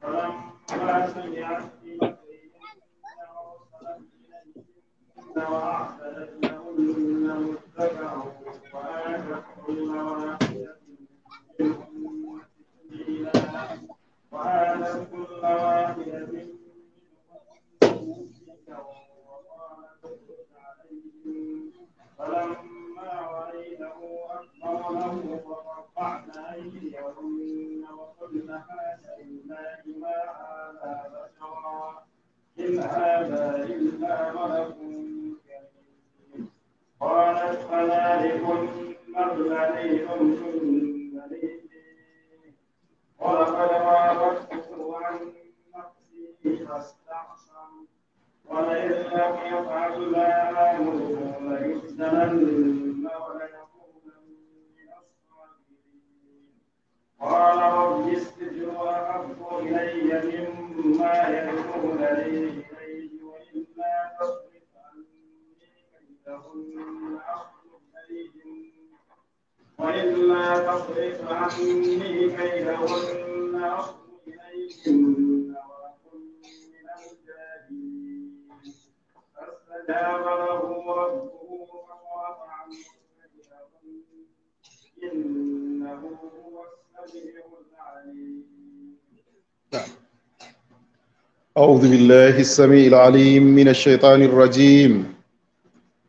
فلما قالوا وقطعن أيديهن وقلن حاسبنا بما هذا بشرا إن هذا إلا ملك كريم قالت فذلكن الذي لمتن لي ولقد راودته عن نفسه فاستعصم ولئن لم يفعل ما آمره ليسجنن وليصلى قال رب اسجد أحب إلي مما يدعونني إليه وإلا تصرف عني كيدهن أصب إليهن وإلا تصرف عني كيدهن أصب إليهن وأكن من الجاهلين فاستجاب له ربه فصرف عنه كيدهن نعم. أعوذ بالله السميع العليم من الشيطان الرجيم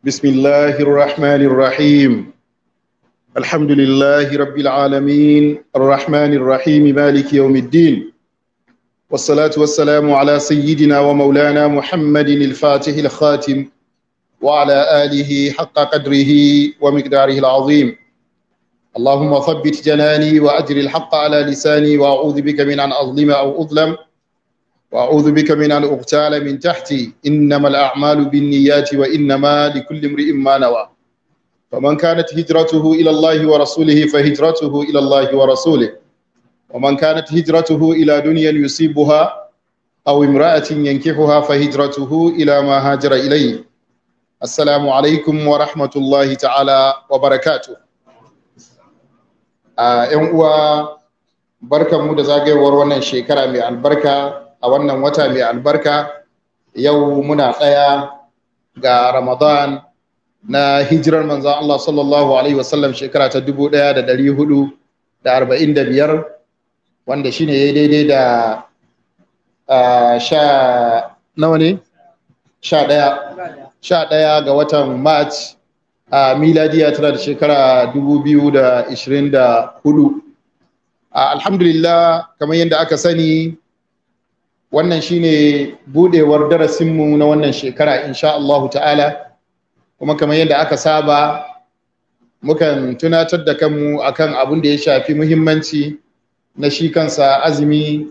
بسم الله الرحمن الرحيم الحمد لله رب العالمين الرحمن الرحيم مالك يوم الدين والصلاة والسلام على سيدنا ومولانا محمد الفاتح الخاتم وعلى آله حق قدره ومقداره العظيم اللهم ثبت جناني وأجر الحق على لساني وأعوذ بك من أن أظلم أو أظلم وأعوذ بك من أن أغتال من تحتي إنما الأعمال بالنيات وإنما لكل امرئ ما نوى فمن كانت هجرته إلى الله ورسوله فهجرته إلى الله ورسوله ومن كانت هجرته إلى دنيا يصيبها أو امرأة ينكحها فهجرته إلى ما هاجر إليه السلام عليكم ورحمة الله تعالى وبركاته yan uwa mu da zagayowar wannan shekara mai albarka a wannan wata mai albarka yau muna tsaya ga ramadan na hijirar manzan Allah sallallahu alaihi wasallam shekara ta dubu ɗaya da ɗari hudu da arba'in da biyar wanda shine ya daidai da sha nawa ne sha ɗaya ga watan march a miladiya tana da shekara 2024 alhamdulillah kamar yadda aka sani wannan shine budewar darasinmu na wannan shekara insha Allah ta'ala kuma kamar yadda aka saba mukan tunatar da kanmu akan abin da ya shafi muhimmanci na shi kansa azumi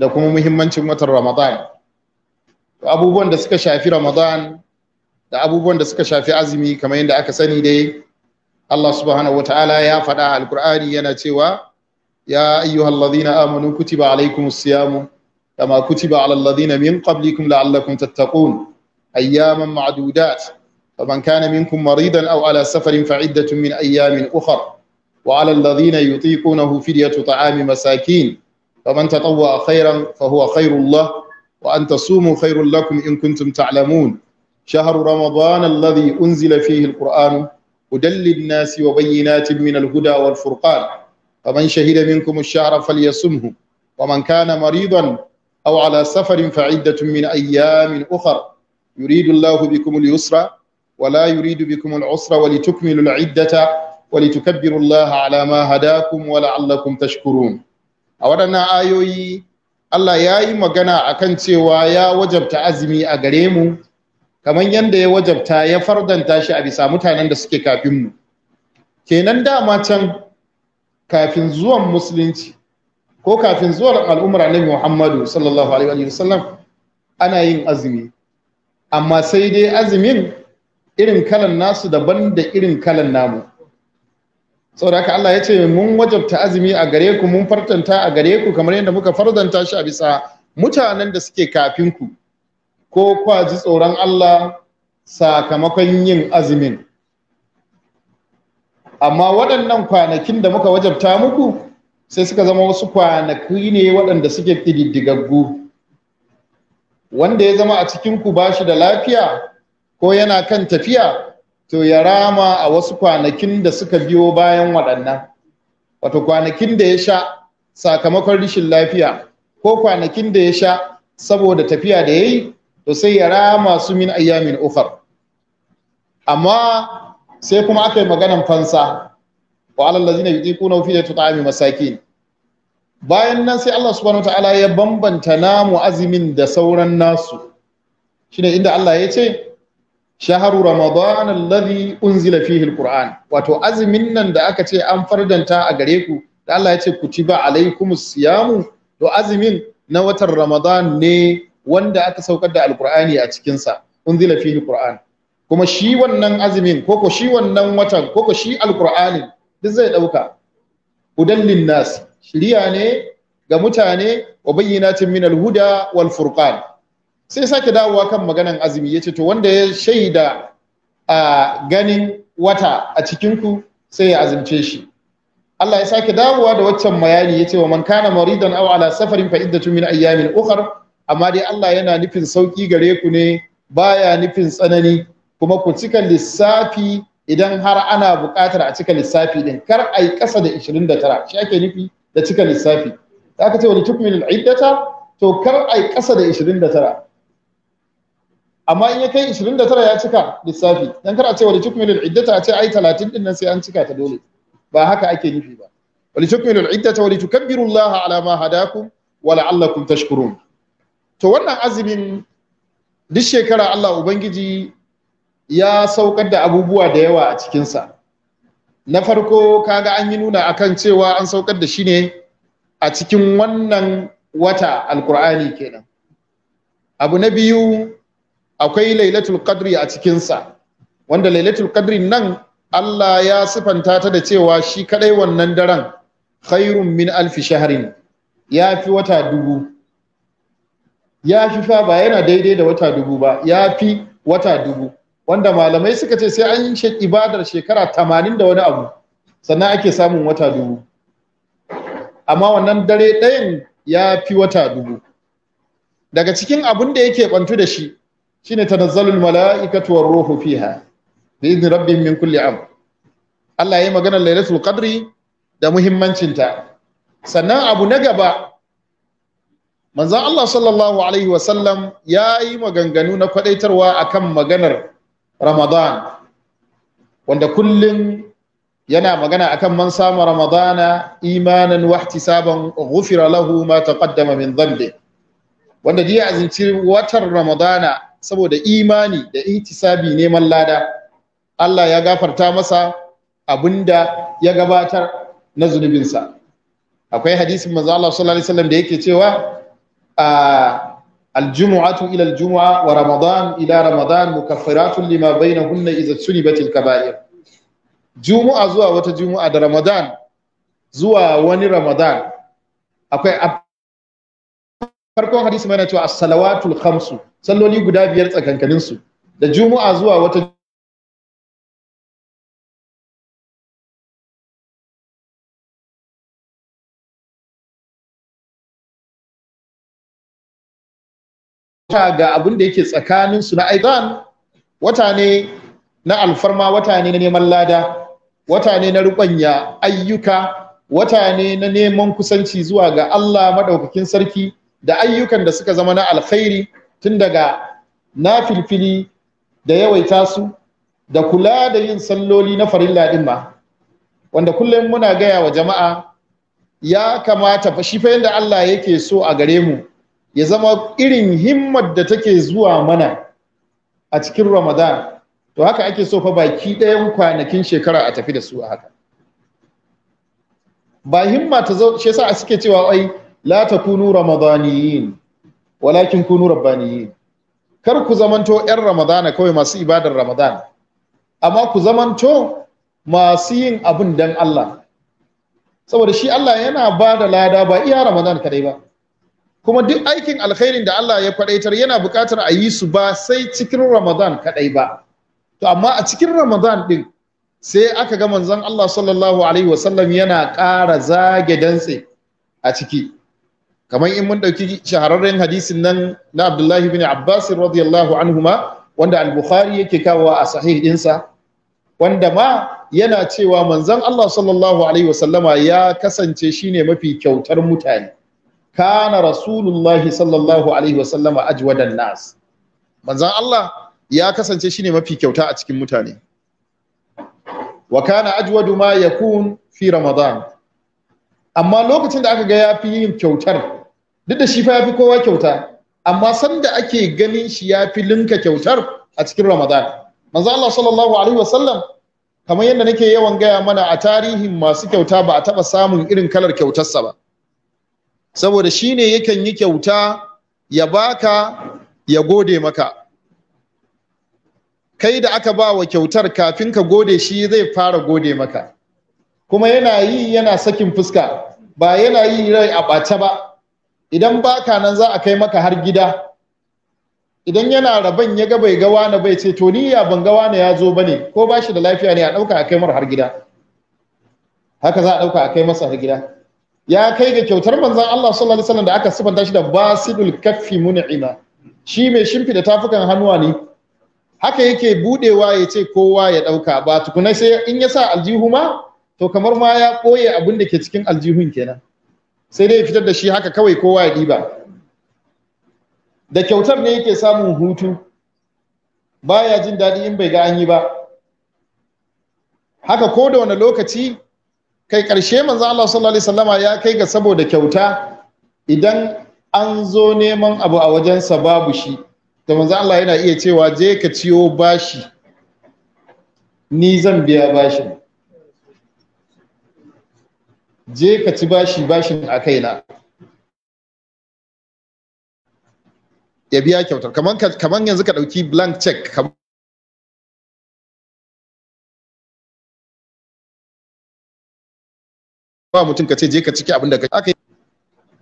da kuma muhimmancin watan ramadan abubuwan da suka shafi ramadan da abubuwan da suka shafi azumi kamar yadda aka sani dai Allah subhanahu wataala ya faɗa alkur'ani yana cewa ya ayyuhallazina amanu kutiba alaikumus siyamu kama kutiba alal ladina min qablikum la'allakum tattaqun ayyaman ma'dudat faman kana minkum maridan au ala safarin fa'iddatun min ayyamin ukhra wa alal ladina yutiqunahu fidyatu ta'ami masakin faman tatawwa khairan fahuwa khairul lahu wa an tasumu khairul lakum in kuntum ta'lamun شهر رمضان الذي أنزل فيه القرآن هدى للناس وبينات من الهدى والفرقان فمن شهد منكم الشهر فليصمه ومن كان مريضا أو على سفر فعدة من أيام أخر يريد الله بكم اليسر ولا يريد بكم العسر ولتكملوا العدة ولتكبروا الله على ما هداكم ولعلكم تشكرون أولنا آيوي الله يا إما جنا أكنت ويا وجبت عزمي أجريمو kamar yadda ya wajabta ya fardanta shi a bisa mutanen da suke kafin mu kenan dama can kafin zuwan musulunci ko kafin zuwan al'ummar annabi Muhammadu sallallahu alaihi wasallam ana yin azumi amma sai dai azumin irin kalan nasu daban da irin kalan namu saboda haka Allah ya ce mun wajabta azumi a gare ku mun fardanta a gare ku kamar yadda muka fardanta shi a bisa mutanen da suke kafin ku ko kwa ji tsoron Allah sakamakon yin azumin amma waɗannan kwanakin da muka wajabta muku sai suka zama wasu kwanaki ne waɗanda suke ƙididdigaggu wanda ya zama a cikinku ba shi da lafiya ko yana kan tafiya to ya rama a wasu kwanakin da suka biyo bayan waɗannan wato kwanakin da ya sha sakamakon rishin lafiya ko kwanakin da ya sha saboda tafiya da ya yi to sai ya rama su min ayyamin ukhar amma sai kuma aka yi maganan fansa wa alal ladzina yuqina fi tut'ami masakin bayan nan sai Allah subhanahu ta'ala ya bambanta namu azumin da sauran nasu shine inda Allah ya ce shaharu ramadan alladhi unzila fihi alquran wato azumin nan da aka ce an fardanta a gare ku da Allah ya ce kutiba alaykumus siyamu to azumin na watan ramadan ne wanda aka saukar da alkur'ani a cikinsa. sa unzila fihi alqur'an kuma shi wannan azumin koko shi wannan watan koko shi alqur'ani duk zai dauka udallin linnas shiriya ne ga mutane wa bayyinatin min alhuda wal furqan sai sake dawowa kan maganan azumi yace to wanda ya shaida a ganin wata a cikinku sai ya azumce shi Allah ya sake dawowa da waccan bayani yace wa man kana maridan aw ala safarin fa iddatu min ayyamin ukhra amma dai Allah yana nufin sauki gare ku ne baya nufin tsanani kuma ku cika lissafi idan har ana buƙatar a cika lissafi din kar a yi ƙasa da 29 shi ake nufi da cika lissafi da aka ce wani na al'iddata to kar a yi ƙasa da 29 amma in ya kai 29 ya cika lissafi dan kar a ce wani na al'iddata a ce ai 30 din nan sai an cika ta dole ba haka ake nufi ba wani na al'iddata wani tukabbirullaha Allah ala ma hadakum wa la'allakum tashkurun to wannan azumin duk shekara Allah ubangiji ya saukar da abubuwa da yawa a cikinsa na farko kaga an yi nuna akan cewa an saukar da shi ne a cikin wannan wata alkur'ani kenan abu na biyu akwai lailatul qadri a cikinsa wanda lailatul qadri nan Allah ya sifanta ta da cewa shi kadai wannan daren khairun min alfi shaharin ya fi wata dubu ya fi fa ba yana daidai da wata dubu ba ya fi wata dubu wanda malamai suka ce sai an yi ibadar shekara tamanin da wani abu sannan ake samun wata dubu amma wannan dare ɗayan ya fi wata dubu daga cikin abin da yake ɓantu da shi shine tanazzalul mala'ikatu war ruhu fiha bi idni rabbihim min kulli am. Allah ya yi maganar lailatul qadri da muhimmancinta sannan abu na gaba manzan Allah sallallahu alaihi wasallam ya yi maganganu na kwadaitarwa akan maganar Ramadan wanda kullum yana magana akan man sama Ramadana imanan sabon gufira lahu ma taqaddama min zambe wanda jiya azinci watan Ramadana saboda imani da ihtisabi neman lada Allah ya gafarta masa abinda ya gabatar na zunubinsa akwai hadisin manzo Allah sallallahu alaihi wasallam da yake cewa aljumu'atu ila jumua wa ramadan ila ramadan mukaffiratun lima bainahunna idza sunibatil kaba'ir jumu'a zuwa wata jumu'a da ramadan zuwa wani ramadan akwai farkon hadisi mana cewa a salawatul khamsu salloli guda biyar tsakankanin da jumu'a zuwa wata wata ga abin da yake tsakanin su na aizan wata ne na alfarma wata ne na neman lada wata ne na rubanya ayyuka wata ne na neman kusanci zuwa ga Allah madaukakin sarki da ayyukan da suka zama na alkhairi tun daga nafilfili da yawaita su da kula da yin salloli na farilla din ma wanda kullum muna gaya wa jama'a ya kamata fa shi fa yanda Allah yake so a gare mu ya zama irin himmar da take zuwa mana a cikin ramadan to haka ake so fa baki ɗayan kwanakin shekara a tafi da su a haka ba himma ta zo shi yasa suke cewa ai la takunu ramadaniyin walakin kunu rabbaniyin kar ku zamanto yan ramadana kawai masu ibadar ramadan amma ku zamanto masu yin abun dan Allah saboda shi Allah yana ba da lada ba iya ramadan kadai ba kuma duk aikin alkhairin da Allah ya faɗaitar yana buƙatar a yi su ba sai cikin Ramadan kaɗai ba to amma a cikin Ramadan ɗin sai aka ga manzon Allah sallallahu alaihi wasallam yana ƙara zage dantse a ciki kamar in mun ɗauki shahararren hadisin nan na Abdullahi bin Abbas radiyallahu ma wanda al-Bukhari yake kawo a sahih ɗinsa wanda ma yana cewa manzon Allah sallallahu alaihi wasallama ya kasance shine mafi kyautar mutane kana rasulullahi sallallahu alaihi wasallama ajwadan nas manzan Allah ya kasance shine mafi kyauta a cikin mutane wa kana ajwadu ma yakun fi ramadan amma lokacin da aka ga yafi yin kyautar duk da shi fa yafi kowa kyauta amma sanda ake ganin shi yafi linka kyautar a cikin ramadan manzan Allah sallallahu alaihi wasallam kamar yadda nake yawan gaya mana a tarihin masu kyauta ba a taba samun irin kalar kyautarsa ba saboda shi ne yakan yi kyauta ya baka ya gode maka kai da aka ba wa kyautar kafin ka gode shi zai fara gode maka kuma yana yi yana sakin fuska ba yana yi rai a ɓace ba idan baka nan za a kai maka har gida idan yana rabon ya ga bai gawa na bai ce to ni ya ban gawa na ya zo ba ne. ko ba shi da lafiya ne a ɗauka a kai mara har gida haka za a ɗauka a kai masa har gida ya kai ga kyautar manzan Allah sallallahu alaihi wasallam da aka sifanta shi da basidul kaffi mun'ima shi mai shimfida tafukan hannuwa ne haka yake budewa ya ce kowa ya dauka ba tukuna sai in ya sa aljihu ma to kamar ma ya ɓoye abin da ke cikin aljihun kenan sai dai fitar da shi haka kawai kowa ya diba da kyautar ne yake samun hutu baya jin daɗi in bai ga an yi ba haka ko da wani lokaci kai ƙarshe manzo Allah sallallahu alaihi wasallama ya kai ga saboda kyauta idan an zo neman abu a wajensa babu shi da manzo Allah yana iya cewa je ka ciyo bashi ni zan biya bashin je ka ci bashi bashin a kaina ya biya kyautar kaman yanzu ka ɗauki blank check kaman ba mutum ka ce je ka ciki abin da aka yi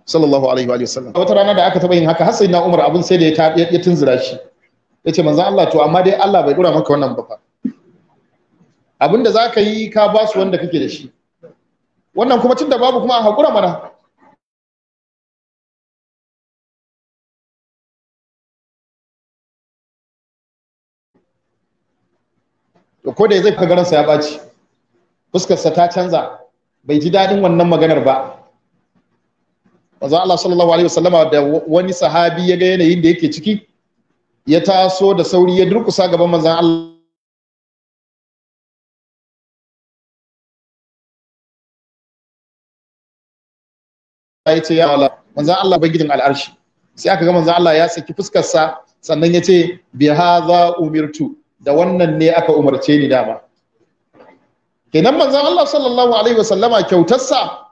sallallahu alaihi wa sallam wata rana da aka taba yin haka har na Umar abin sai da ya ya tunzura shi yace manzon Allah to amma dai Allah bai dora maka wannan ba fa abin da zaka yi ka ba su wanda kake da shi wannan kuma tunda babu kuma a hakura mana ko da zai kagaransa ya ɓaci fuskarsa ta canza bai ji daɗin wannan maganar ba Allah sallallahu alaihi wasallama da wani sahabi ya ga yanayin da yake ciki ya taso da sauri ya durkusa gaban manzon Allah ya ce ya Allah manzon Allah al'arshi sai aka ga manzon Allah ya saki fuskarsa sannan ya ce bi haza umirtu da wannan ne aka umarce ni dama kenan manzon Allah sallallahu alaihi wasallama kyautarsa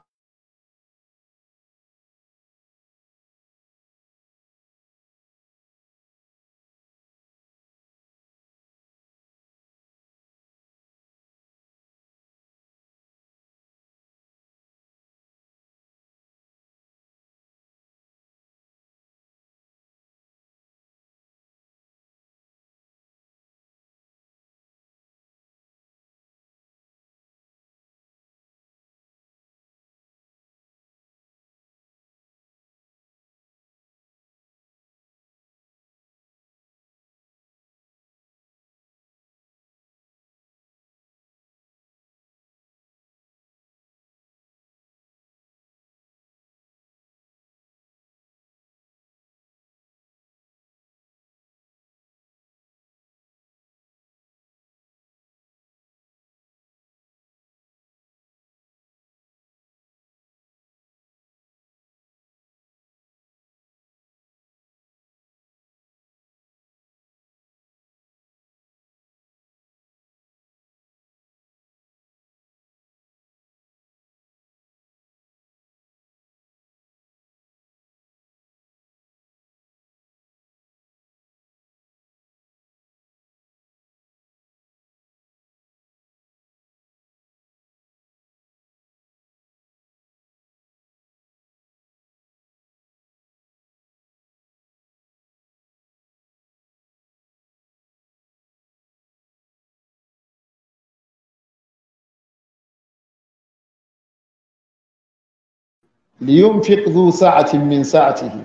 liyunfiq dhu sa'atin min sa'atihi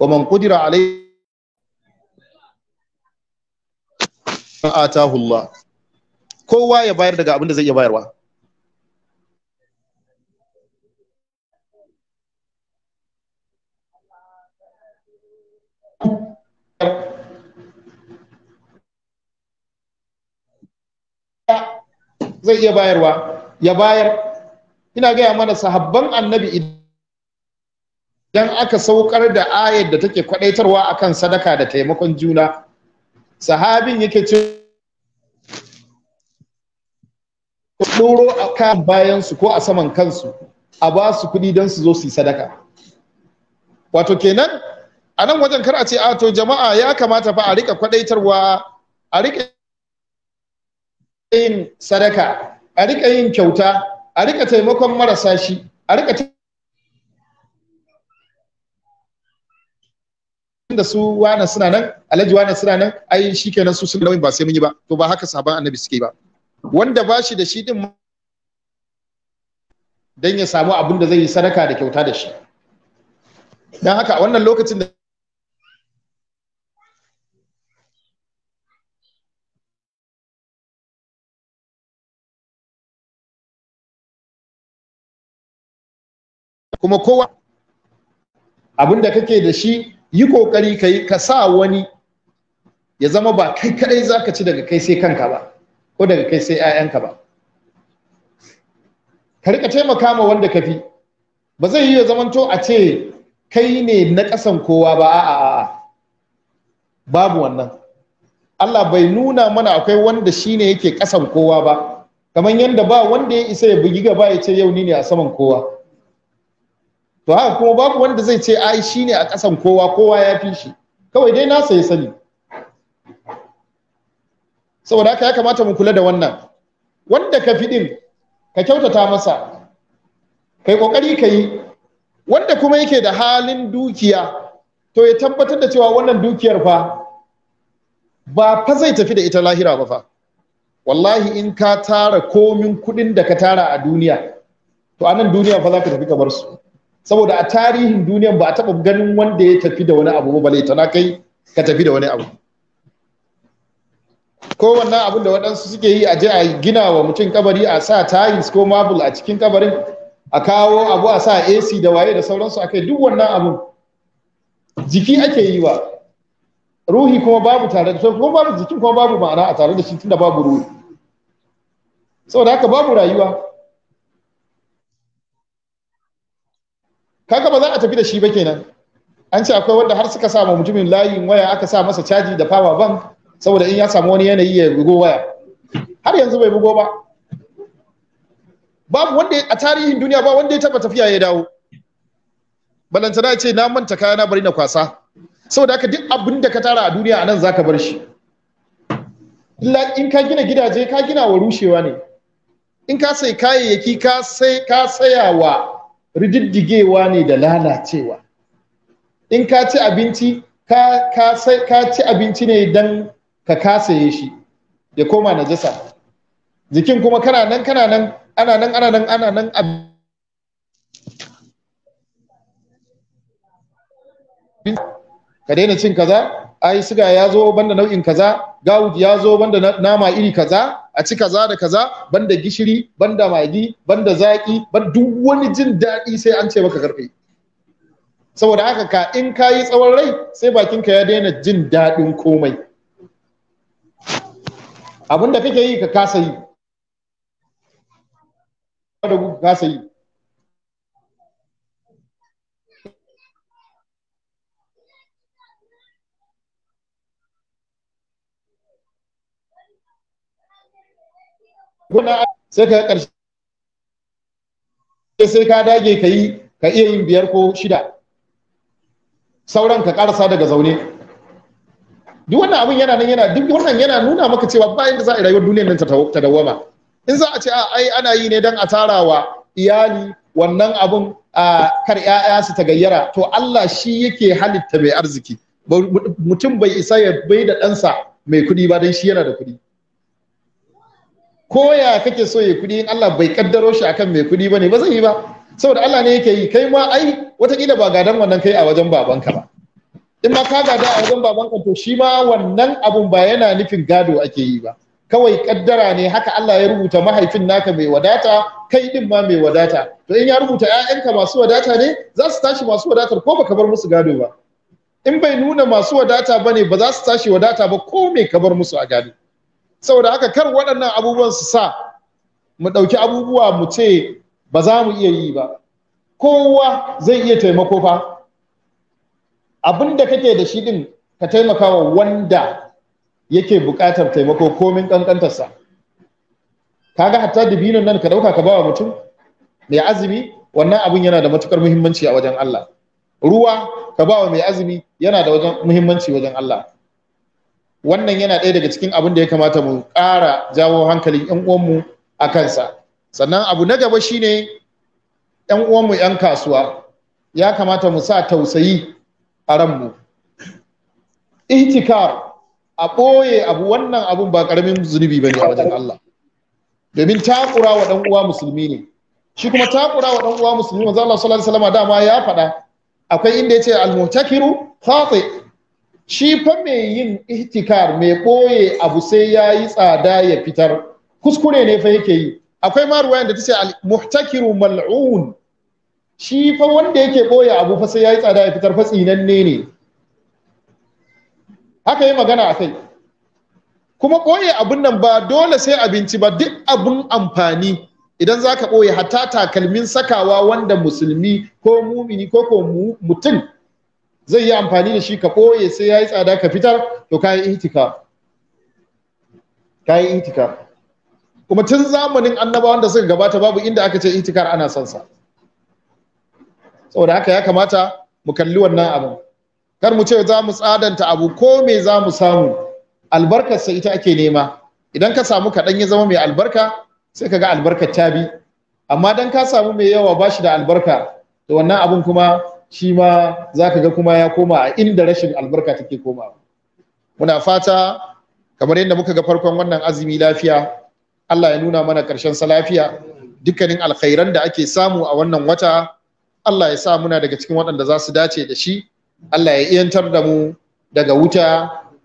wa man qudira alayhi ta Allah kowa ya bayar daga abin da zai iya bayarwa zai iya bayarwa ya bayar ina gaya mana sahabban annabi dan aka saukar da ayar da take kwadaitarwa akan sadaka da taimakon juna sahabin yake ce doro a kan bayansu ko a saman kansu a ba su kuɗi don su zo su yi sadaka wato kenan a nan wajen kar a ce a to jama'a ya kamata fa a rika kwadaitarwa a rika yin sadaka a rika yin kyauta a rika taimakon marasa shi a rika da su wani suna nan alhaji wani suna nan ai shikenan su sun nauyin ba sai mun yi ba to ba haka sahaban annabi suke ba wanda ba shi da shi din dan ya samu abin da zai yi sadaka da kyauta da shi dan haka wannan lokacin da kuma kowa abin da kake da shi yi kokari ka yi ka sa wani ya zama ba kai kadai ka ci daga kai sai kanka ba ko daga kai sai 'ya'yanka ba ka rika taimaka ma wanda ka fi ba zai yi ya zamanto a ce kai ne na ƙasan kowa ba a'a a'a babu wannan Allah bai nuna mana akwai wanda shi ne yake kasan kowa ba kamar yadda ba wanda ya isa ya bugi gaba ya ce yau ni ne a saman kowa to haka kuma babu wanda zai ce ai shi ne a kasan kowa kowa ya fi shi kawai dai na sai sani saboda haka ya kamata mu kula da wannan wanda ka fi din ka kyautata masa kai kokari ka wanda kuma yake da halin dukiya to ya tabbatar da cewa wannan dukiyar fa ba fa zai tafi da ita lahira ba fa wallahi in ka tara komin kudin da ka tara a duniya to nan duniya fa za ka tafi ka bar su saboda a tarihin duniyan ba a taɓa ganin wanda ya tafi da wani abu ba balai tana kai ka tafi da wani abu ko wannan abin da waɗansu suke yi a je a gina wa mutum kabari a sa tiles ko marble a cikin kabarin a kawo abu a sa AC da waye da sauransu a kai duk wannan abun jiki ake yi wa ruhi kuma babu tare da kuma babu jikin kuma babu ma'ana a tare da shi tunda babu ruhi saboda haka babu rayuwa kaga ba za a tafi da shi ba kenan an ce akwai wanda har suka samu mutumin layin waya aka sa masa caji da power bank saboda in ya samu wani yanayi ya bugo waya har yanzu bai bugo ba babu wanda a tarihin duniya ba wanda ya taba tafiya ya dawo balantana ya ce na manta kaya na bari na kwasa saboda haka duk abin da ka tara a duniya anan nan zaka bar shi illa in ka gina gidaje ka gina wa rushewa ne in ka sai kayayyaki ka sai ka sayawa rididdigewa ne da lalacewa in ka ci abinci ka, ka, sai, ka ci abinci ne don ka kasaye shi ya koma najasa jikin kuma kana nan kana nan ana nan ana nan ana nan ka daina cin kaza ai siga ya zo banda nau'in kaza gawud ya zo banda nama iri kaza a ci kaza da kaza banda gishiri banda magi banda zaki ban duk wani jin daɗi sai an ce maka karfe saboda haka ka in ka yi tsawon rai sai bakinka ya daina jin daɗin komai abinda kake yi ka yi kasa yi kuna sai ka karshe sai ka dage ka yi ka iya yin biyar ko shida sauran ka karasa daga zaune duk wannan abin yana nan yana duk wannan yana nuna maka cewa bayan da za a rayuwar duniyar nan ta dawwama in za a ce ai ana yi ne don a tara wa iyali wannan abin kar 'ya'ya su ta gayyara to Allah shi yake halitta mai arziki mutum bai isa ya bai da ɗansa mai kuɗi ba don shi yana da kuɗi ko ya kake so ya kuɗi in Allah bai kaddaro shi akan mai kuɗi bane ba zai yi ba saboda Allah ne yake yi kai ma ai watakila ba gadan wannan kai a wajen babanka ba in ma ka gada a wajen babanka to shi ma wannan abun ba yana nufin gado ake yi ba kawai kaddara ne haka Allah ya rubuta mahaifin naka mai wadata kai din ma mai wadata to in ya rubuta ƴaƴanka masu wadata ne za su tashi masu wadatar ko baka bar musu gado ba in bai nuna masu wadata bane ba za su tashi wadata ba ko mai ka bar musu a gado saboda haka kar waɗannan abubuwan su sa mu ɗauki abubuwa mu ce ba za mu iya yi ba kowa zai iya taimako fa abin da kake da shi ɗin ka taimaka wa wanda yake buƙatar taimako komin ƙanƙantarsa kaga hatta dibinin nan ka ɗauka ka bawa mutum mai azumi wannan abin yana da matukar muhimmanci a wajen Allah ruwa ka bawa mai azumi yana da wajen muhimmanci wajen Allah wannan yana ɗaya daga cikin abin da ya kamata mu ƙara jawo hankalin yan uwanmu a kansa sannan abu na gaba shine yan uwanmu yan kasuwa ya kamata mu sa tausayi a ranmu ihtikar a ɓoye abu wannan abun ba ƙaramin zunubi ba ne a wajen Allah domin takura wa ɗan uwa musulmi ne shi kuma takura wa ɗan uwa musulmi manzo Allah sallallahu alaihi wasallam dama ya faɗa akwai inda yace al-muhtakiru khati shi fa mai yin ihtikar mai ɓoye abu sai ya yi tsada ya fitar kuskure ne fa yake yi akwai ma ruwayan da ta ce muhtakiru mal'un shi fa wanda yake ɓoye abu fa sai ya yi tsada ya fitar fa tsinanne ne haka yi magana akai. kuma ɓoye abun nan ba dole sai abinci ba duk abun amfani idan za ka ɓoye hatta takalmin sakawa wanda musulmi ko mumini ko ko mutum zai yi amfani da shi ka ɓoye sai ya yi tsada ka fitar to ka yi ihtika kuma tun zamanin annabawan da suka gabata babu inda aka ce itikar ana son sa saboda haka ya kamata mu kalli wannan abin kar mu ce za mu tsadanta abu ko me za mu samu albarkarsa ita ake nema idan ka samu kaɗan ya zama mai albarka sai ka ga albarkar ta bi amma dan ka samu mai yawa ba shi da albarka to wannan abun kuma shi ma za ka ga kuma ya koma a inda rashin albarka take koma muna fata kamar yadda muka ga farkon wannan azumi lafiya Allah ya nuna mana karshen sa lafiya dukkanin alkhairan da ake samu a wannan wata Allah ya sa muna daga cikin waɗanda za su dace da shi Allah ya iyantar da mu daga wuta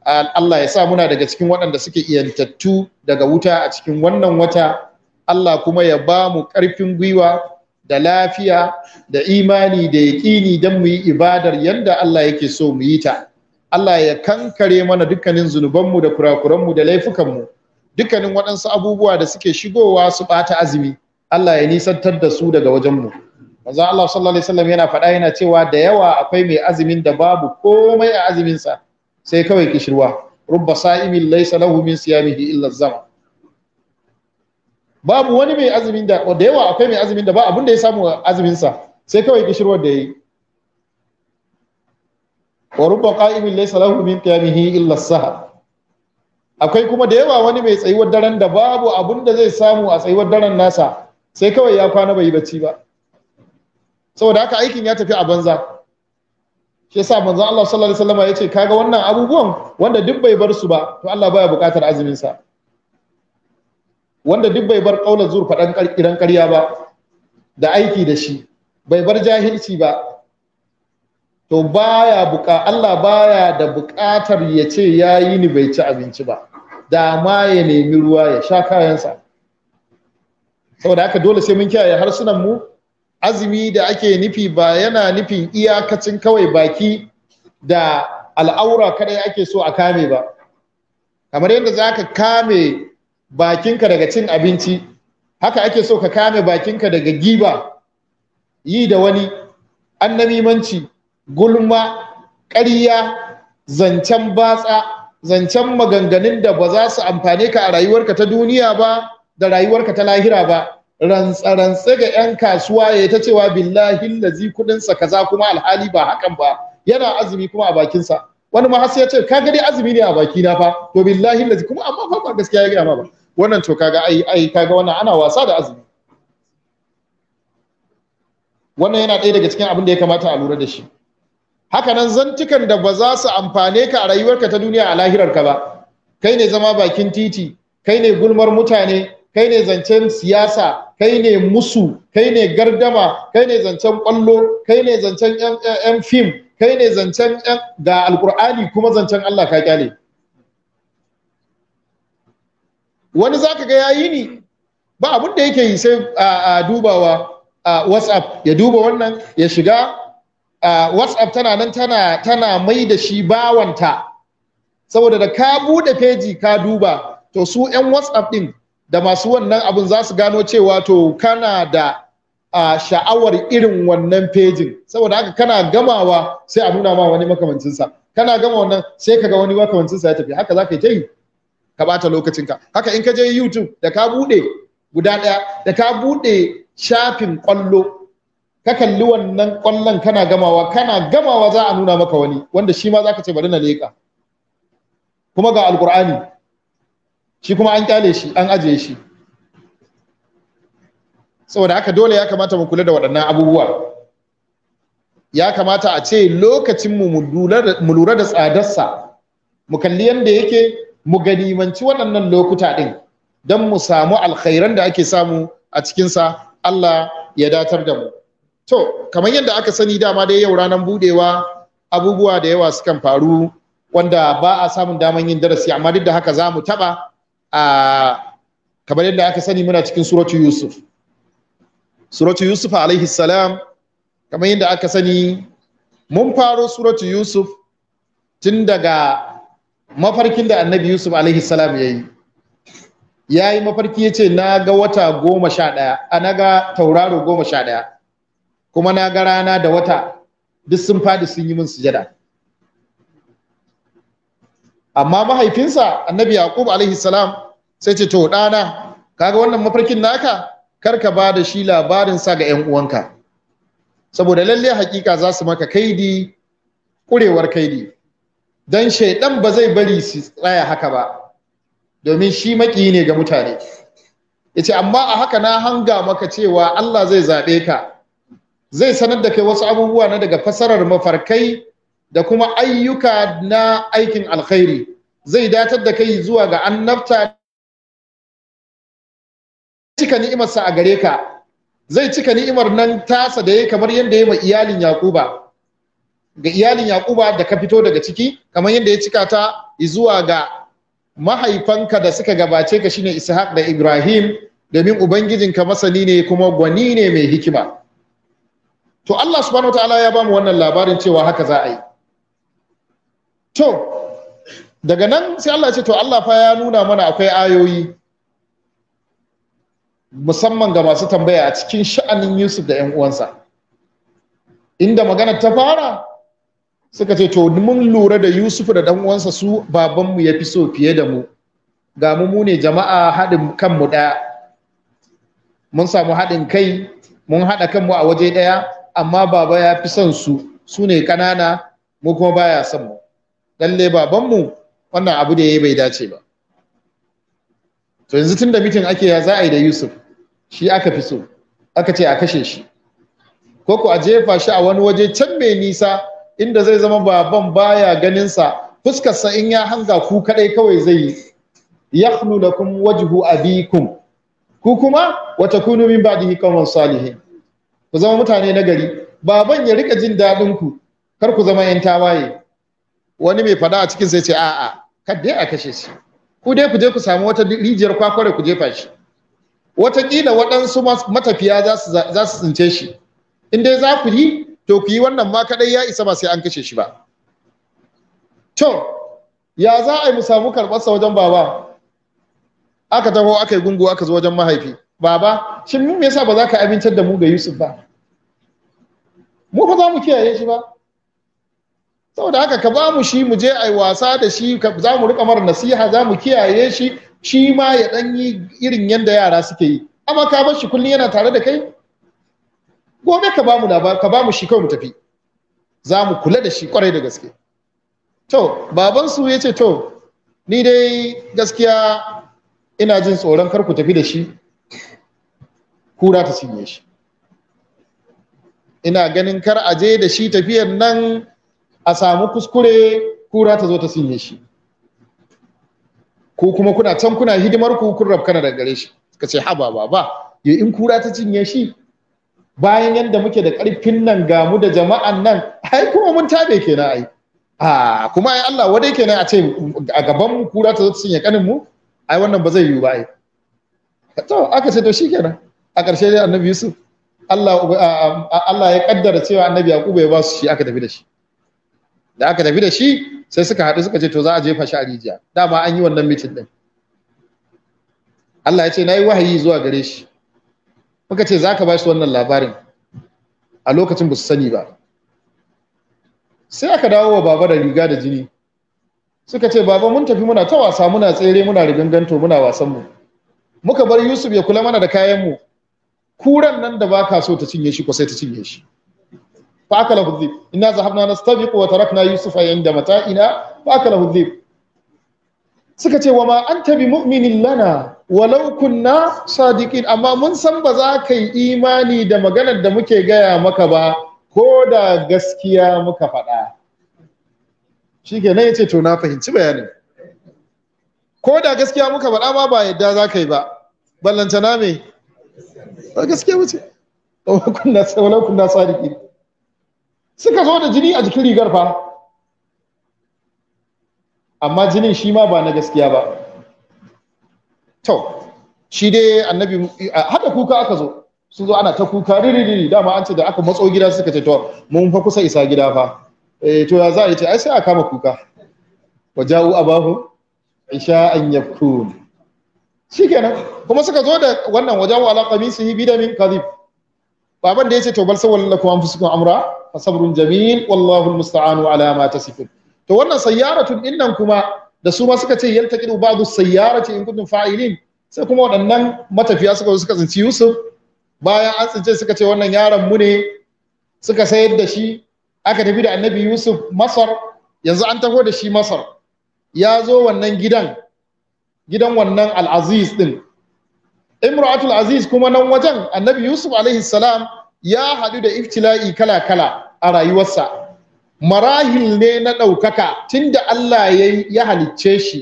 Allah ya sa muna daga cikin waɗanda suke iyantattu daga wuta a cikin wannan wata Allah kuma ya ba mu ƙarfin gwiwa da lafiya da imani da yaƙini don mu yi ibadar yadda Allah yake so mu yi ta Allah ya kankare mana dukkanin zunubanmu da kurakuranmu da laifukanmu dukkanin waɗansu abubuwa da suke shigowa su ɓata azumi Allah ya nisantar da su daga wajenmu manzo Allah sallallahu alaihi wasallam yana faɗa yana cewa da yawa akwai mai azumin da babu komai a azuminsa sai kawai kishirwa rubba sa'imin laysa lahu min siyamihi illa zama babu wani mai azumin da da yawa akwai mai azumin da ba abin da ya samu azumin sa sai kawai kishirwar da yi wa rubba qa'imin laysa lahu min qiyamihi illa sahar akwai kuma da yawa wani mai tsayuwar daren da babu abin da zai samu a tsayuwar daren nasa sai kawai ya kwana bai bacci ba saboda haka aikin ya tafi a banza shi yasa manzon Allah sallallahu alaihi wasallam ya ce kaga wannan abubuwan wanda duk bai bar su ba to Allah baya bukatar azumin sa wanda duk bai bar ƙaunar zur faɗan idan ƙarya ba da aiki da shi bai bar jahilci ba to baya buka Allah baya da buƙatar ya ce ya yi ni bai ci abinci ba da ma ya nemi ruwa ya sha kayansa saboda haka dole sai mun kiyaye harsunan mu azumi da ake nufi ba yana nufin iyakacin kawai baki da al'aura kadai ake so a kame ba kamar yadda za ka kame bakinka daga cin abinci haka ake so ka kame bakinka daga giba yi da wani annamimanci gulma ƙarya zancen batsa zancen maganganun da ba za su amfane ka a rayuwarka ta duniya ba da rayuwarka ta lahira ba rantsa-rantsa ga 'yan kasuwa ya ta cewa billahi lazi kudinsa kaza kuma alhali ba hakan ba yana azumi kuma a bakinsa wani ma har sai ya ce ka ga dai azumi ne a baki na fa to billahi lazi kuma amma fa ba gaskiya ya gaya ma ba wannan to kaga ai ai kaga wannan ana wasa da azumi wannan yana ɗaya daga cikin abin da ya kamata a lura da shi haka nan zantukan da ba za su amfane ka a rayuwarka ta duniya a lahirarka ba kai ne zama bakin titi kai ne gulmar mutane kai ne zancen siyasa kai ne musu kai ne gardama kai ne zancen kwallo kai ne zancen yan fim kai ne zancen ga alkur'ani kuma zancen Allah ka kyale wani za ka ga ya yi ni ba abin da yake yi sai a dubawa a whatsapp ya duba wannan ya shiga whatsapp tana nan tana tana mai da shi bawanta saboda da ka bude feji ka duba to su yan whatsapp din da masu wannan abin za su gano cewa to kana da sha'awar irin wannan fejin saboda haka kana gamawa sai a nuna ma wani makamancinsa kana gama wannan sai ka ga wani makamancinsa ya tafi haka za ka yi ta yi ka bata lokacinka haka in ka je youtube da ka bude guda daya da ka bude shafin kwallo ka kalli wannan kwallon kana gamawa kana gamawa za a nuna maka wani wanda shi ma zaka ce bari na leka kuma ga alqur'ani shi kuma an kyale shi an ajiye shi saboda haka dole ya kamata mu kula da waɗannan abubuwa ya kamata a ce lokacin mu mu lura da tsadarsa mu kalli yanda yake mu ganimanci waɗannan lokuta ɗin don mu samu alkhairan da ake samu a cikinsa Allah ya datar da mu to kamar yadda aka sani dama dai yau ranar budewa abubuwa da yawa sukan faru wanda ba a samun daman yin darasi amma duk da haka za mu taɓa a kamar yadda aka sani muna cikin suratu yusuf suratu yusuf alaihi salam kamar yadda aka sani mun faro suratu yusuf tun daga mafarkin da annabi yusuf alaihi salam ya yi ya yi mafarki ya ce na ga wata goma sha ɗaya a na ga tauraro goma sha ɗaya kuma na ga rana da wata duk sun fadi sun yi min sujada amma mahaifinsa annabi yaqub alaihi salam sai ce to ɗana kaga wannan mafarkin naka kar ka ba da shi labarin sa ga yan uwanka saboda lalle hakika za su maka kaidi kurewar kaidi don shaidan ba zai bari su tsaya haka ba domin shi maki ne ga mutane yace amma a haka na hanga maka cewa Allah zai zaɓe ka zai sanar da kai wasu abubuwa na daga fasarar mafarkai da kuma ayyuka na aikin alkhairi zai datar da kai zuwa ga annabta cika ni'imarsa a gare ka zai cika ni'imar nan tasa da ya kamar yadda ya ma iyalin yakuba ga iyalin yaquba da ka fito daga ciki kamar yadda ya cika ta zuwa ga mahaifanka da suka gabace ka shine ishaq da ibrahim domin ubangijin ka masani ne kuma gwani ne mai hikima to allah subhanahu wataala ya bamu wannan labarin cewa haka za a yi to daga nan sai allah ce to allah fa ya nuna mana akwai ayoyi musamman ga masu tambaya a cikin sha'anin yusuf da 'yan uwansa inda magana ta fara suka ce to mun lura da Yusuf da dan uwansa su babanmu ya fi so fiye da mu ga mu mu ne jama'a haɗin kanmu ɗaya mun samu haɗin kai mun haɗa kanmu a waje ɗaya amma baba ya fi son su su ne ƙanana mu kuma baya son mu lalle babanmu wannan abu da ya bai dace ba to yanzu tun da mitin ake ya za a yi da Yusuf shi aka fi so aka ce a kashe shi ko ku a jefa shi a wani waje can mai nisa inda zai zama baban baya ganinsa fuskarsa in ya hanga ku kadai kawai zai yi yahnu lakum wajhu abikum ku kuma wa takunu min ba'dihi qawman salihin ku zama mutane na gari baban ya rika jin dadin ku kar ku zama yan tawaye wani mai fada a cikin sai ce a'a kar dai a kashe shi ku dai ku je ku samu wata rijiyar kwakware ku jefa shi watakila waɗansu matafiya za su tsince shi in dai za ku yi to ku yi wannan ma kadai ya isa ba sai an kashe shi ba to ya za a yi mu samu karɓarsa wajen baba aka taho aka yi gungu aka zo wajen mahaifi baba shin mun me yasa ba za ka amincar da mu ga Yusuf ba mu fa za mu kiyaye shi ba saboda haka ka ba mu shi mu je ai wasa da shi za mu rika mara nasiha za mu kiyaye shi shi ma ya dan yi irin yadda yara suke yi amma ka bar shi kullun yana tare da kai gobe ka bamu labar ka bamu shi kawai mu tafi za mu kula da shi kwarai da gaske to baban su ya ce to ni dai gaskiya ina jin tsoron kar ku tafi da shi kura ta cinye shi ina ganin kar a je da shi tafiyar nan a samu kuskure kura ta zo ta cinye shi ko kuma kuna can kuna hidimar ku kun rabkana da gare shi Ka ce haba ba ba in kura ta cinye shi bayan yadda muke da ƙarfin nan ga mu da jama'an nan ai kuma mun tabe kenan ai a kuma ai Allah wadai kenan a ce a gaban mu kura ta zo ta cinye kanin mu ai wannan ba zai yiwu ba ai to aka ce to shikenan a ƙarshe dai annabi Yusuf Allah Allah ya kaddara cewa annabi Yakubu ya ba su shi aka tafi da shi da aka tafi da shi sai suka haɗu suka ce to za a jefa shi a rijiya dama an yi wannan mitin din Allah ya ce na yi wahayi zuwa gare shi muka ce za ka ba su wannan labarin a lokacin ba su sani ba sai aka dawo wa baba da riga da jini suka ce baba mun tafi muna ta wasa muna tsere muna riganganto muna wasan mu muka bar yusuf ya kula mana da kayan kuran nan da baka so ta cinye shi ko sai ta cinye shi fa akala hudhib inna zahabna nastabiqu wa tarakna yusufa inda mata'ina fa akala hudhib suka ce wa ma anta bi mu'minin lana walau kunna sadiqin amma mun san ba za ka yi imani da maganar da muke gaya maka ba ko da gaskiya muka faɗa shi ke nan ya ce to na fahimci bayanin ko da gaskiya muka faɗa ba, ba yadda za ka yi ba ballantana me ba gaskiya wuce walau kunna sadiqin suka zo da jini a jikin rigar fa amma jinin shi ma ba na gaskiya ba to shi dai annabi haka kuka aka zo sun zo ana ta kuka riri dama an ce da aka matso gida suka ce to mun fa kusa isa gida fa eh to ya za a ce ai sai a kama kuka wa ja'u abahu isha an yakun shikenan kuma suka zo da wannan wajahu ala qamisihi bidamin kadhib baban da yace to bal sawal lakum anfusukum amra fasabrun jamil wallahu almusta'anu ala ma tasifun to wannan sayyaratun innan kuma da su ma suka ce yaltaqidu ba'du ce in kuntum fa'ilin sai kuma waɗannan matafiya suka zo suka tsinci Yusuf bayan an tsince suka ce wannan yaron mu ne suka sayar da shi aka tafi da Annabi Yusuf Masar yanzu an taho da shi Masar ya zo wannan gidan gidan wannan Al-Aziz din imra'atul Aziz kuma nan wajen Annabi Yusuf alaihi salam ya haɗu da iftila'i kala-kala a rayuwarsa marahil ne na ɗaukaka tunda Allah ya halicce shi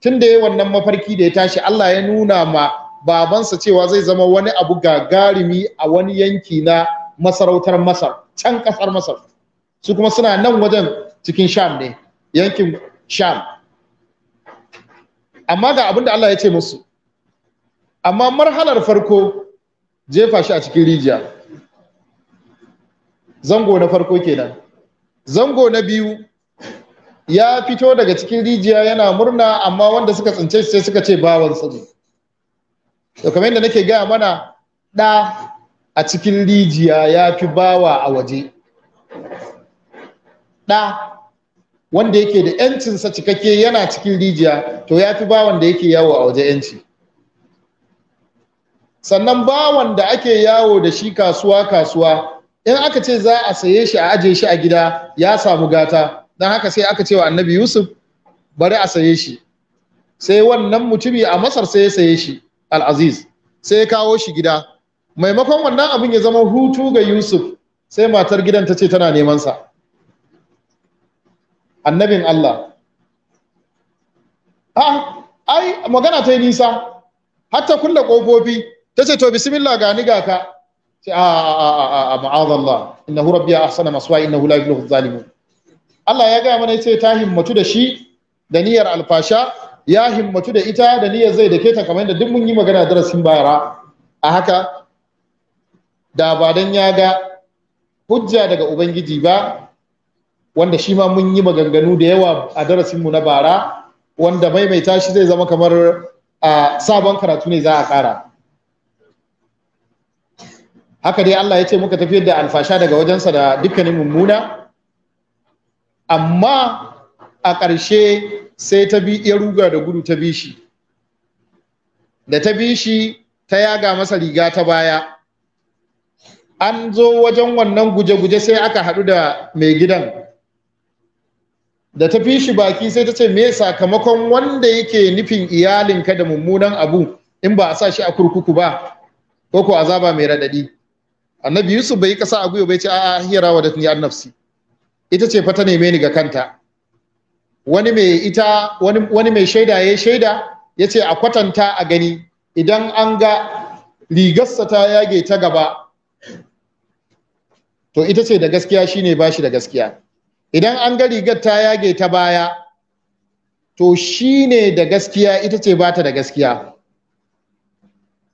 tunda ya wannan mafarki da ya tashi Allah ya nuna ma babansa cewa zai zama wani abu gagarumi a wani yanki na masarautar Masar can kasar Masar su kuma suna nan wajen cikin Sham ne yankin Sham amma ga abin Allah ya ce musu amma marhalar farko jefa shi a cikin rijiya zango na farko kenan zango na biyu ya fito daga cikin rijiya yana murna amma wanda suka tsince shi sai suka ce bawansa ne to kamar yadda nake gaya mana ɗa a cikin rijiya ya fi bawa a waje ɗa wanda yake da yancinsa cikakke yana cikin rijiya to ya fi bawan da yake yawo a waje yanci sannan bawan da ake yawo da shi kasuwa kasuwa in aka ce za a saye shi a ajiye shi a gida ya samu gata don haka sai aka ce wa annabi yusuf bari a saye shi sai wannan mutumi a masar sai ya saye shi al'aziz sai ya kawo shi gida maimakon wannan abin ya zama hutu ga yusuf sai matar gidan ta ce tana neman sa annabin allah a ah, ai magana ta yi nisa hatta kulle kofofi ta ce to bismillah gani ga ka sai a a a ma'azallah innahu rabbi ahsana inna hu la yuflihu zalimun Allah ya gaya mana yace ta himmatu da shi da niyyar alfasha ya himmatu da ita da niyyar zai dake ta kamar da duk mun yi magana darasin bara a haka da ba dan ya ga hujja daga ubangiji ba wanda shi ma mun yi maganganu da yawa a darasin mu na bara wanda maimaita shi zai zama kamar a ah, sabon karatu ne za a kara haka dai Allah ya ce muka tafiyar da alfasha daga wajensa da dukkanin mummuna amma a ƙarshe sai ta bi ya ruga da gudu ta bi shi da ta bi shi ta yaga masa riga ta baya an zo wajen wannan guje-guje sai aka haɗu da mai gidan da ta fi shi baki sai ta ce me sakamakon wanda yake nufin iyalinka da mummunan abu in ba a sa shi a kurkuku ba ko ko azaba mai raɗaɗi annabi yusuf bai kasa a gwiwa bai ce a hira wa datni an nafsi ita ce fa ta neme ni ga kanta wani mai ita wani wani mai shaida ya shaida ya ce a kwatanta a gani idan an ga rigarsa ta yage ta gaba to ita ce da gaskiya shine ba shi da gaskiya idan an ga rigar ta yage ta baya to shine da gaskiya ita ce ba ta da gaskiya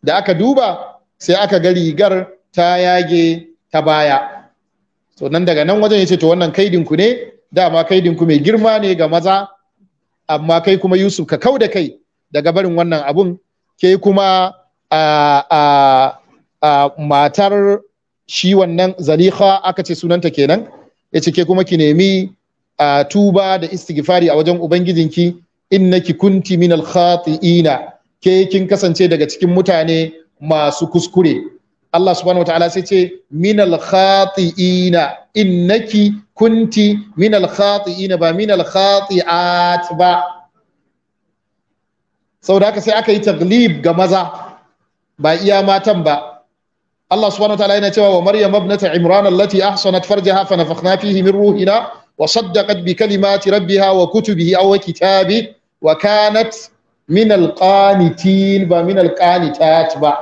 da aka duba sai aka ga rigar ta yage ta baya So nan daga nan wajen ya ce to wannan kaidinku ne dama kaidinku mai girma ne ga maza amma kai kuma Yusuf ka kau da kai daga barin wannan abun ke kuma a matar shi wannan zaliha aka ce sunanta kenan ya ce ke kuma ki nemi a tuba da istighfari a wajen ubangijinki innaki kunti minal khati'ina ke kin kasance daga cikin mutane masu kuskure الله سبحانه وتعالى سيتي من الخاطئين إنك كنت من الخاطئين با من الخاطئات با سو داك سي أكي تغليب غمزا با إيا ما تنبا الله سبحانه وتعالى نتوى ومريم ابنة عمران التي أحصنت فرجها فنفخنا فيه من روحنا وصدقت بكلمات ربها وكتبه أو كتابه وكانت من القانتين با من القانتات با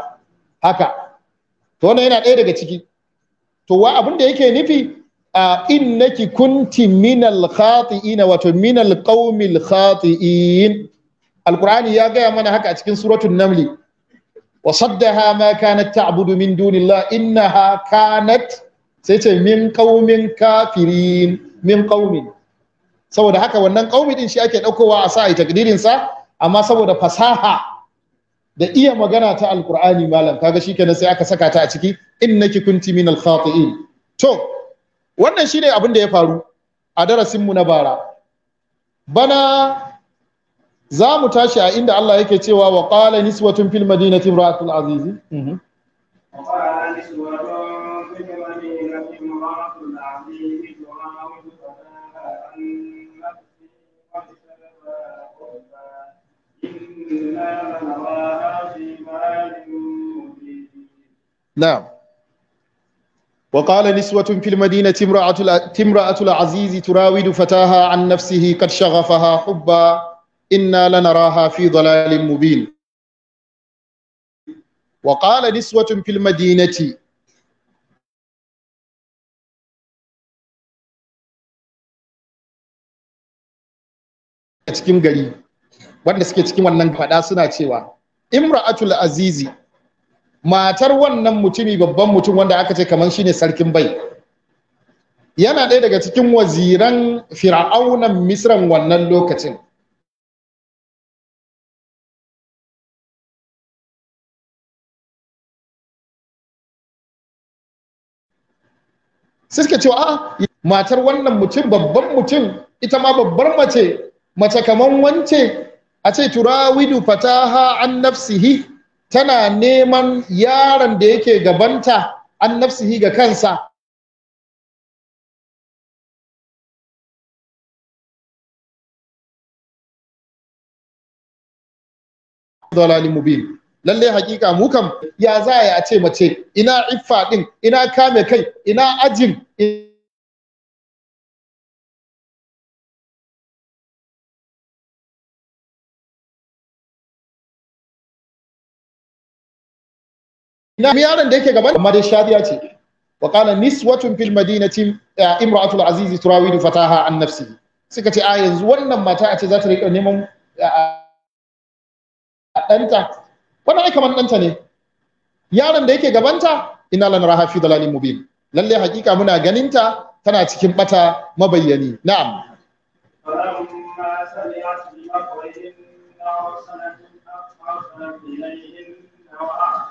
هكذا to wannan yana ɗaya daga ciki to wa abin da yake nufi a innaki kunti minal khati'in wato minal qaumil khati'in alqur'ani ya gaya mana haka a cikin suratun namli wa saddaha ma kanat ta'budu min dunillah innaha kanat sai ce min qaumin kafirin min qaumin saboda haka wannan qaumi din shi ake ɗaukowa a sa ai takdirin sa amma saboda fasaha da iya magana ta alkur'ani malam kaga shi kenan sai aka saka ta a ciki innaki kunti min alkhati'in to wannan shine abin da ya faru a darasin mu na bara bana za mu tashi a inda Allah yake cewa wa qala niswatun fil madinati azizi mm-hmm. نعم وقال نسوة في المدينة امرأة امرأة العزيز تراود فتاها عن نفسه قد شغفها حبا إنا لنراها في ضلال مبين وقال نسوة في المدينة a قليل wanda suke cikin wannan fada suna cewa imra'atul azizi matar wannan mutumi babban mutum wanda aka ce kamar shine sarkin bai yana ɗaya daga cikin waziran fir'aunan misran wannan lokacin suka ce a matar wannan mutum babban mutum ita ma babbar mace mace kaman wance a ce turawidu fataha an nafsihi tana neman yaron da yake gabanta an nafsihi ga kansa lalle hakika mu kam ya za a ce mace ina iffa ɗin ina kame kai ina ajin ina yaron da yake gaban amma dai shafiya ce wa qala niswatun fil madinati eh, imra'atul aziz turawidu fataha an nafsi suka ce a yanzu wannan mata a ce za ta rika neman danta, eh, wannan ai kamar ɗanta ne yaron da yake gabanta ina lana raha fi dalalin mubin lalle hakika muna ganinta tana cikin bata mabayyani na'am وأعطى